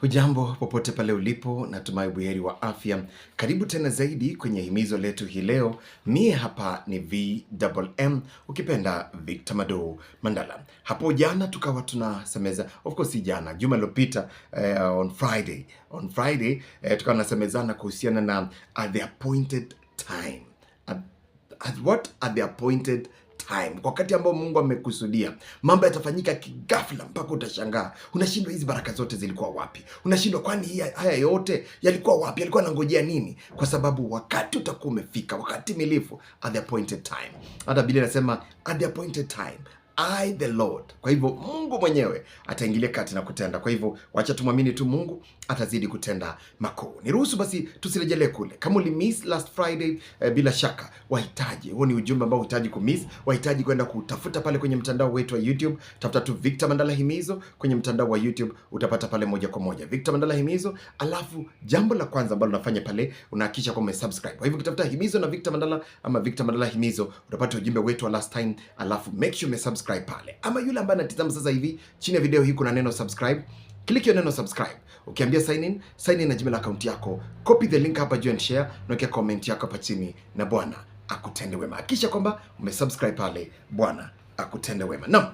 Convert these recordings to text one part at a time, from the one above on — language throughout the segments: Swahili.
Hujambo popote pale ulipo, natumai buheri wa afya. Karibu tena zaidi kwenye himizo letu hii leo. Mie hapa ni VMM, ukipenda Victor Mado Mandala. Hapo jana tukawa tunasemeza, of course si jana, juma lilopita, uh, on Friday, on Friday uh, tukawa nasemezana kuhusiana na at the appointed time, at, at what at the appointed time, wakati ambao Mungu amekusudia, mambo yatafanyika kighafla mpaka utashangaa. Unashindwa, hizi baraka zote zilikuwa wapi? Unashindwa, kwani haya yote yalikuwa wapi? Yalikuwa anangojea nini? Kwa sababu wakati utakuwa umefika, wakati milifu, at the appointed time. Hata Biblia inasema at the appointed time I the Lord. Kwa hivyo Mungu mwenyewe ataingilia kati na kutenda. Kwa hivyo wacha tumwamini tu Mungu atazidi kutenda makuu. Niruhusu basi tusirejelee kule. Kama ulimiss last Friday eh, bila shaka wahitaji. Huo ni ujumbe ambao unahitaji kumiss, wahitaji kwenda kutafuta pale kwenye mtandao wetu wa YouTube. Tafuta tu Victor Mandala Himizo kwenye mtandao wa YouTube utapata pale moja kwa moja. Victor Mandala Himizo, alafu jambo la kwanza ambalo unafanya pale unahakisha kwamba umesubscribe. Kwa hivyo ukitafuta Himizo na Victor Mandala ama Victor Mandala Himizo utapata ujumbe wetu wa last time, alafu make sure umesubscribe subscribe pale, ama yule ambaye anatizama sasa hivi, chini ya video hii kuna neno subscribe. Click hiyo neno subscribe. Ukiambia sign in, sign in na Gmail account yako, copy the link hapa juu and share, na weka comment yako hapa chini, na Bwana akutende wema. Hakikisha kwamba umesubscribe pale, Bwana akutende wema. Naam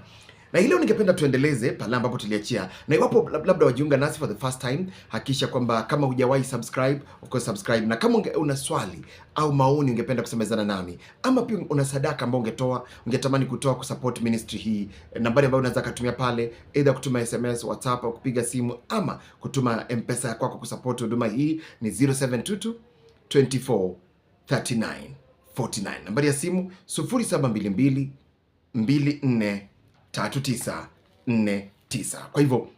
na hilo ningependa tuendeleze pale ambapo tuliachia, na iwapo labda wajiunga nasi for the first time, hakikisha kwamba kama hujawahi subscribe, of course subscribe, na kama una swali au maoni ungependa kusemezana nami, ama pia una sadaka ambayo ungetoa ungetamani kutoa kusupport ministry hii, eh, nambari ambayo unaweza kutumia pale, either kutuma SMS, WhatsApp au kupiga simu ama kutuma mpesa yako kwa kwako kusupport huduma hii ni 0722 24 39 49. Nambari ya simu 0722 24 3949. Kwa hivyo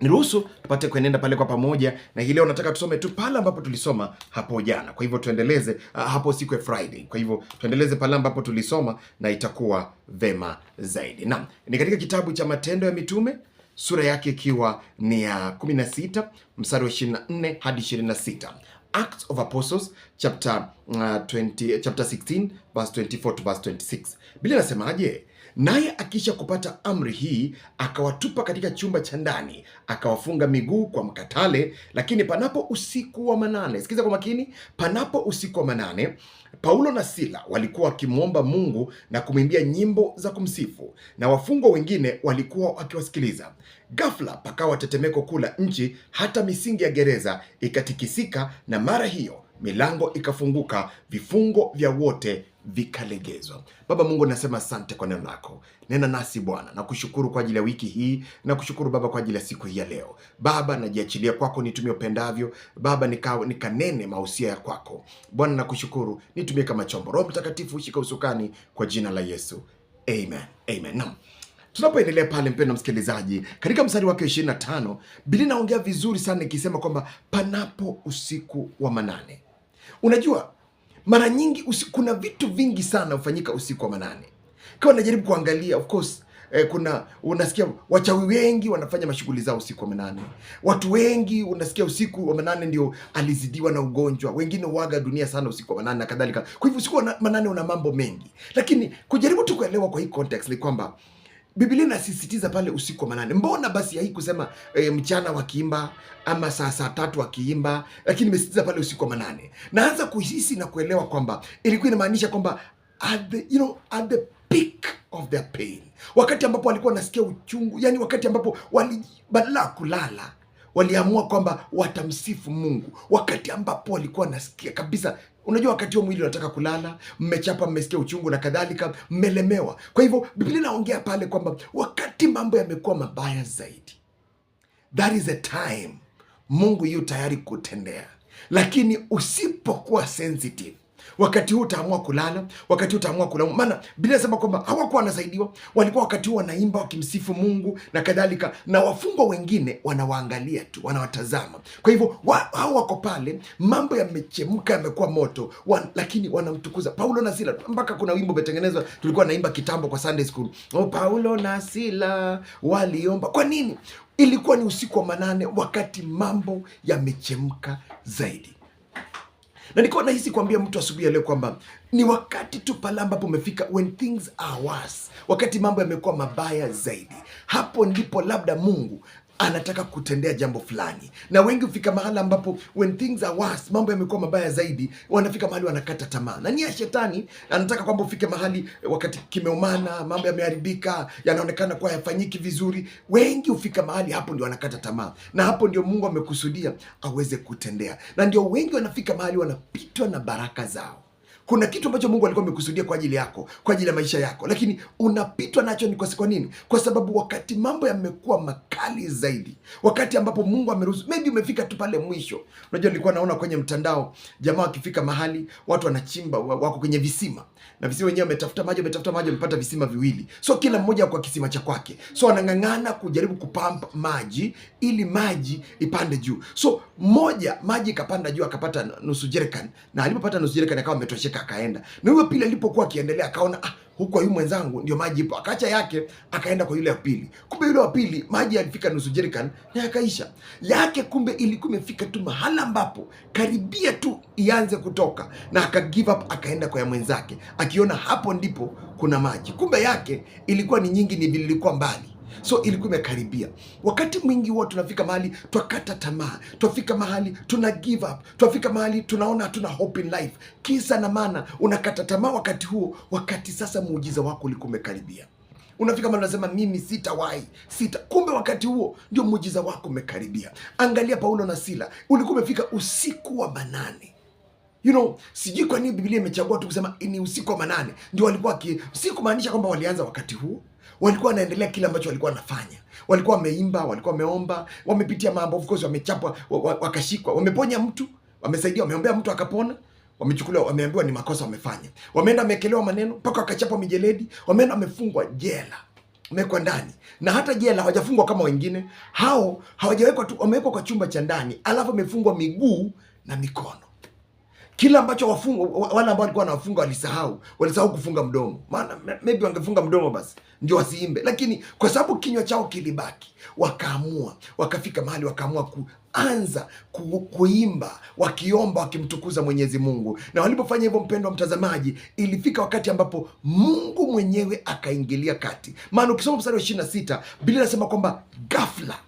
niruhusu tupate kuenenda pale kwa pamoja, na hii leo nataka tusome tu pale ambapo tulisoma hapo jana. Kwa hivyo tuendeleze ah, hapo siku ya Friday. Kwa hivyo tuendeleze pale ambapo tulisoma na itakuwa vema zaidi. Naam, ni katika kitabu cha Matendo ya Mitume sura yake ikiwa ni ya 16 mstari wa 24 hadi 26. Acts of Apostles chapter, uh, ah, 20, chapter 16 verse 24 to verse 26. Biblia inasemaje? Naye akiisha kupata amri hii, akawatupa katika chumba cha ndani, akawafunga miguu kwa mkatale. Lakini panapo usiku wa manane, sikiza kwa makini, panapo usiku wa manane, Paulo na Sila walikuwa wakimwomba Mungu na kumwimbia nyimbo za kumsifu, na wafungwa wengine walikuwa wakiwasikiliza. Ghafla pakawa tetemeko kuu la nchi, hata misingi ya gereza ikatikisika, na mara hiyo milango ikafunguka, vifungo vya wote vikalegezwa. Baba Mungu, nasema asante kwa neno lako. Nena nasi Bwana, nakushukuru kwa ajili ya wiki hii, nakushukuru Baba kwa ajili ya siku hii ya leo. Baba, najiachilia kwako, nitumie upendavyo Baba, nikanene nika mausia ya kwako Bwana, nakushukuru, nitumie kama chombo. Roho Mtakatifu, shika usukani kwa jina la Yesu, amen, amen. Naam. Tunapoendelea pale, mpendwa msikilizaji, katika mstari wake 25 Biblia inaongea vizuri sana ikisema kwamba panapo usiku wa manane Unajua mara nyingi usi, kuna vitu vingi sana hufanyika usiku wa manane. Kama najaribu kuangalia of course eh, kuna unasikia wachawi wengi wanafanya mashughuli zao usiku wa manane. Watu wengi unasikia usiku wa manane ndio alizidiwa na ugonjwa, wengine waga dunia sana usiku wa manane na kadhalika. Kwa hivyo usiku wa manane una mambo mengi, lakini kujaribu tu kuelewa kwa hii context ni kwamba Biblia inasisitiza pale usiku wa manane. Mbona basi hai kusema e, eh, mchana wakiimba ama saa saa tatu wakiimba, lakini imesisitiza pale usiku wa manane. Naanza kuhisi na kuelewa kwamba ilikuwa inamaanisha kwamba at the, you know, at the peak of their pain, wakati ambapo walikuwa wanasikia uchungu, yani wakati ambapo wali badala ya kulala waliamua kwamba watamsifu Mungu, wakati ambapo walikuwa wanasikia kabisa Unajua, wakati huo mwili unataka kulala, mmechapa, mmesikia uchungu na kadhalika, mmelemewa. Kwa hivyo Biblia inaongea pale kwamba wakati mambo yamekuwa mabaya zaidi, that is a time Mungu yu tayari kutendea, lakini usipokuwa sensitive Wakati huu utaamua kulala, wakati huu utaamua kulala. Maana Biblia inasema kwamba hawakuwa wanasaidiwa, walikuwa wakati huu wanaimba wakimsifu Mungu na kadhalika, na wafungwa wengine wanawaangalia tu, wanawatazama. Kwa hivyo wa, hao wako pale, mambo yamechemka, yamekuwa moto wa, lakini wanamtukuza Paulo na Sila. Mpaka kuna wimbo umetengenezwa, tulikuwa naimba kitambo kwa Sunday school, oh, Paulo na Sila waliomba. Kwa nini? Ilikuwa ni usiku wa manane, wakati mambo yamechemka zaidi na nilikuwa nahisi kuambia mtu asubuhi ya leo kwamba ni wakati tu pale ambapo umefika, when things are worse, wakati mambo yamekuwa mabaya zaidi, hapo ndipo labda Mungu anataka kutendea jambo fulani, na wengi hufika mahala ambapo when things are worse, mambo yamekuwa mabaya zaidi, wanafika mahali wanakata tamaa, na nia ya shetani anataka kwamba ufike mahali wakati kimeumana, mambo yameharibika, yanaonekana kuwa hayafanyiki vizuri. Wengi hufika mahali hapo ndio wanakata tamaa, na hapo ndio Mungu amekusudia aweze kutendea, na ndio wengi wanafika mahali wanapitwa na baraka zao kuna kitu ambacho Mungu alikuwa amekusudia kwa ajili yako, kwa ajili ya maisha yako, lakini unapitwa nacho. Ni kwa nini? Kwa sababu wakati mambo yamekuwa makali zaidi, wakati ambapo Mungu ameruhusu, maybe umefika tu pale mwisho. Unajua, nilikuwa naona kwenye mtandao jamaa wakifika mahali watu wanachimba, wako kwenye visima na visima wenyewe, wametafuta maji, wametafuta maji, wamepata visima viwili, so kila mmoja kwa kisima cha kwake, so wanang'ang'ana kujaribu kupampa maji ili maji ipande juu. So moja maji ikapanda juu, akapata nusu jerikani, na alipopata nusu jerikani akawa ametosheka akacheka akaenda. Na huyo pili alipokuwa akiendelea akaona ah, huko huyu mwenzangu ndio maji ipo, akaacha yake akaenda kwa yule wa pili. Kumbe yule wa pili maji alifika nusu jerican na yakaisha yake. Kumbe ilikuwa imefika tu mahala ambapo karibia tu ianze kutoka, na aka give up akaenda kwa ya mwenzake, akiona hapo ndipo kuna maji. Kumbe yake ilikuwa ni nyingi, ni ilikuwa mbali So ilikuwa imekaribia. Wakati mwingi huwa tunafika mahali twakata tamaa, twafika mahali tuna give up, twafika mahali tunaona hatuna hope in life. Kisa na maana unakata tamaa wakati huo, wakati sasa muujiza wako ulikuwa umekaribia. Unafika mahali unasema mimi sitawahi, sita. Kumbe wakati huo ndio muujiza wako umekaribia. Angalia Paulo na Sila, ulikuwa umefika usiku wa manane. You know, sijui kwa nini Biblia imechagua tu kusema ni usiku wa manane. Ndio walikuwa usiku, maanisha kwamba walianza wakati huo walikuwa wanaendelea kile ambacho walikuwa wanafanya. Walikuwa wameimba, walikuwa wameomba, wamepitia mambo, of course wamechapwa, wakashikwa, wameponya mtu, wamesaidia, wameombea mtu akapona, wamechukuliwa, wameambiwa ni makosa wamefanya, wameenda wamekelewa maneno mpaka wakachapwa mijeledi, wameenda wamefungwa jela, wamewekwa ndani, na hata jela hawajafungwa kama wengine hao, hawajawekwa tu, wamewekwa kwa chumba cha ndani, alafu wamefungwa miguu na mikono kila ambacho wafunga wale ambao walikuwa wanafunga walisahau, walisahau kufunga mdomo. Maana maybe wangefunga mdomo basi ndio wasiimbe, lakini kwa sababu kinywa chao kilibaki, wakaamua wakafika mahali wakaamua kuanza ku, kuimba wakiomba wakimtukuza Mwenyezi Mungu. Na walipofanya hivyo, wa mtazamaji, ilifika wakati ambapo Mungu mwenyewe akaingilia kati, maana ukisoma mstari wa ishirini na sita Biblia inasema kwamba ghafla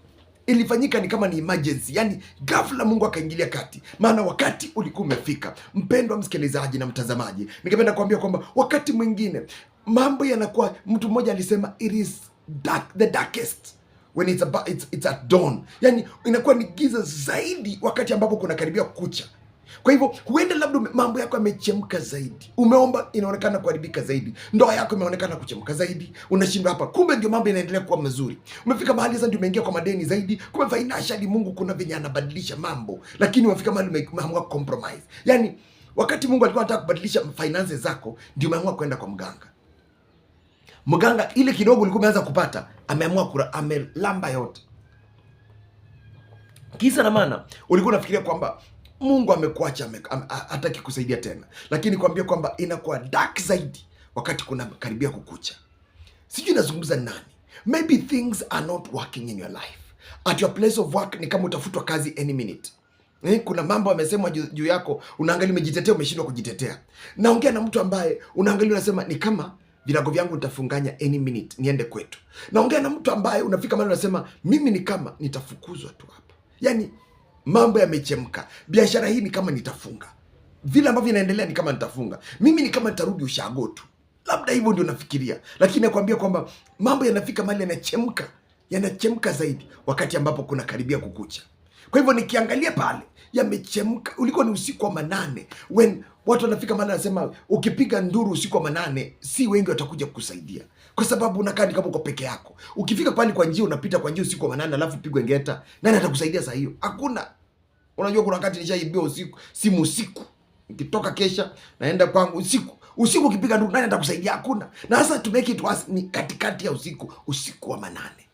ilifanyika ni kama ni emergency, yani ghafla Mungu akaingilia kati, maana wakati ulikuwa umefika. Mpendwa msikilizaji na mtazamaji, ningependa kuambia kwamba wakati mwingine mambo yanakuwa, mtu mmoja alisema it is dark, the darkest when it's, about, it's, it's at dawn, yani inakuwa ni giza zaidi wakati ambapo kuna karibia kucha. Kwa hivyo huenda labda mambo yako yamechemka zaidi, umeomba inaonekana kuharibika zaidi, ndoa yako imeonekana kuchemka zaidi, unashindwa hapa, kumbe ndio mambo yanaendelea kuwa mazuri. Umefika mahali sasa ndio umeingia kwa madeni zaidi, kumbe financially Mungu kuna venye anabadilisha mambo, lakini umefika mahali umeamua compromise. Yani wakati Mungu alikuwa anataka kubadilisha finance zako, ndio umeamua kwenda kwa mganga. Mganga ile kidogo ulikuwa umeanza kupata, ameamua kura, amelamba yote. Kisa na maana ulikuwa unafikiria kwamba Mungu amekuacha, hataki kusaidia tena, lakini kuambia kwamba inakuwa dark zaidi wakati kuna karibia kukucha. Sijui nazungumza nani? Maybe things are not working in your life at your place of work, ni kama utafutwa kazi any minute. Eh, kuna mambo amesema juu yako, unaangalia umejitetea, umeshindwa kujitetea. Naongea na mtu ambaye unaangalia unasema ni kama virago vyangu nitafunganya any minute niende kwetu. Naongea na mtu ambaye unafika mahali unasema mimi ni kama nitafukuzwa tu hapa, yani mambo yamechemka. Biashara hii ni kama nitafunga, vile ambavyo inaendelea ni kama nitafunga, mimi ni kama nitarudi ushago tu, labda hivyo ndio nafikiria, lakini nakwambia kwamba mambo yanafika mahali yanachemka, yanachemka zaidi wakati ambapo kuna karibia kukucha. Kwa hivyo nikiangalia pale yamechemka, ulikuwa ni usiku wa manane when watu wanafika mahali anasema, ukipiga nduru usiku wa manane, si wengi watakuja kukusaidia kwa sababu unakaa ni kama uko peke yako. Ukifika pale kwa njia, unapita kwa njia usiku wa manane, alafu pigwe ngeta, nani atakusaidia saa hiyo? Hakuna. Unajua kuna wakati nishaibiwa usiku, simu usiku, nikitoka kesha naenda kwangu usiku. Usiku ukipiga ndugu, nani atakusaidia? Hakuna. Na sasa to make it worse ni katikati ya usiku, usiku wa manane,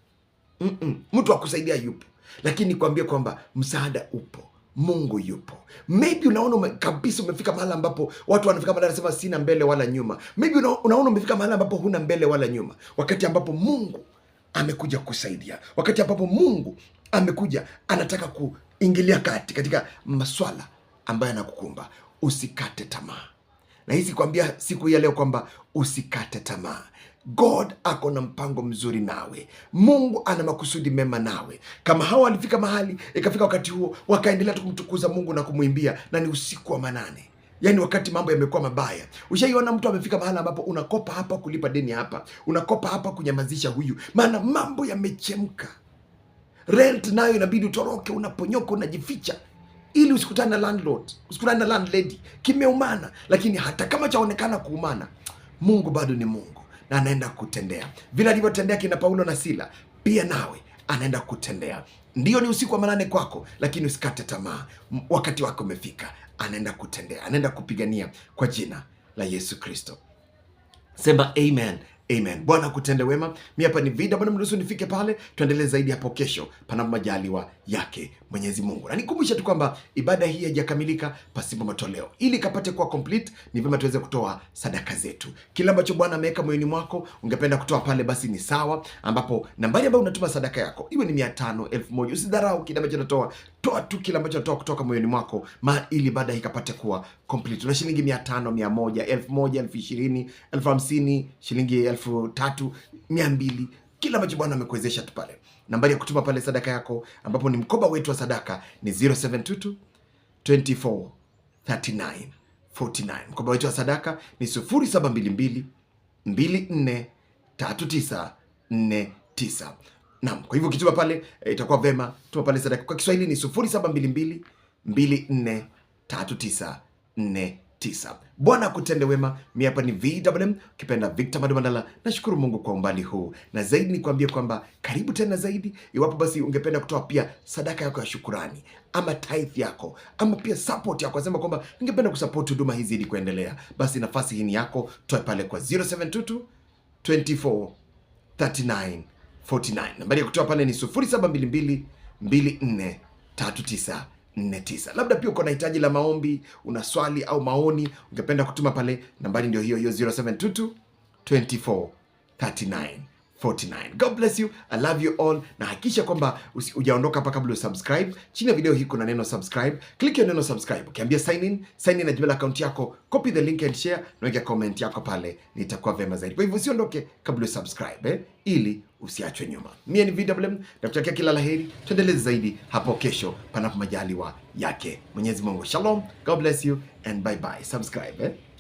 mm -mm. mtu akusaidia yupo, lakini nikwambie kwamba msaada upo Mungu yupo. Maybe unaona ume, kabisa umefika mahali ambapo watu wanafika mahali anasema sina mbele wala nyuma. Maybe unaona umefika mahali ambapo huna mbele wala nyuma, wakati ambapo Mungu amekuja kusaidia, wakati ambapo Mungu amekuja anataka ku ingilia kati katika maswala ambayo yanakukumba. Usikate tamaa, na hizi kuambia siku hii ya leo kwamba usikate tamaa. God ako na mpango mzuri nawe. Mungu ana makusudi mema nawe. Kama hawa walifika mahali, ikafika wakati huo wakaendelea tu kumtukuza Mungu na kumwimbia, na ni usiku wa manane Yaani, wakati mambo yamekuwa mabaya, ushaiona mtu amefika mahala ambapo unakopa hapa kulipa deni hapa, unakopa hapa kunyamazisha huyu, maana mambo yamechemka. Rent nayo inabidi utoroke, unaponyoka, unajificha ili usikutane na landlord, usikutane na landlady. Kimeumana, lakini hata kama chaonekana kuumana, Mungu bado ni Mungu na anaenda kutendea vile alivyotendea kina Paulo na Sila, pia nawe anaenda kutendea. ndio ni usiku wa manane kwako, lakini usikate tamaa. Wakati wako umefika, anaenda kutendea, anaenda kupigania kwa jina la Yesu Kristo. Sema amen. Amen. Bwana kutende wema. Mi hapa ni Vida, Bwana mruhusu nifike pale, tuendelee zaidi hapo kesho, panapo majaliwa yake Mwenyezi Mungu. Na nikumbusha tu kwamba ibada hii haijakamilika pasipo matoleo. Ili kapate kuwa complete, ni vyema tuweze kutoa sadaka zetu. Kila ambacho Bwana ameweka moyoni mwako, ungependa kutoa pale, basi ni sawa, ambapo nambari ambayo unatuma sadaka yako iwe ni mia tano, elfu moja. Usidharau kile ambacho unatoa, toa tu kile ambacho unatoa kutoka moyoni mwako, ma ili ibada hii kapate kuwa complete. Una shilingi mia tano, mia moja, elfu moja, elfu ishirini, elfu hamsini, shilingi elfu tatu mia mbili kila ambacho Bwana amekuwezesha tu pale. Nambari ya kutuma pale sadaka yako, ambapo ni mkoba wetu wa sadaka ni 0722 24 39 Mkoba wetu wa sadaka ni 0722 24 39 49. Naam, kwa hivyo ukituma pale eh, itakuwa vema, tuma pale sadaka. Kwa Kiswahili ni 0722 24 39 49 tisa. Bwana kutende wema. Mimi hapa ni VMM ukipenda Victor Mandala. Nashukuru Mungu kwa umbali huu, na zaidi ni kuambia kwamba karibu tena zaidi. Iwapo basi ungependa kutoa pia sadaka yako ya shukurani ama tithe yako ama pia support yako, asema kwamba ningependa kusupport huduma hizi ili kuendelea, basi nafasi hii ni yako. Toe pale kwa 0722 24 39 49. Nambari ya kutoa pale ni 0722 24 39 49. Labda pia uko na hitaji la maombi, una swali au maoni ungependa kutuma pale, nambari ndio hiyo hiyo 0722 24 39. 49. God bless you. I love you all, na hakikisha kwamba hujaondoka hapa kabla usubscribe. Chini ya video hii kuna neno subscribe, click hiyo neno subscribe, ukiambia sign in, sign in na Gmail account yako, copy the link and share, na weka comment yako pale, nitakuwa vema zaidi. Kwa hivyo usiondoke kabla usubscribe eh, ili usiachwe nyuma. Mie ni VMM na kutakia kila laheri, tuendeleze zaidi hapo kesho, panapo majaliwa yake Mwenyezi Mungu. Shalom, God bless you and bye bye. Subscribe eh.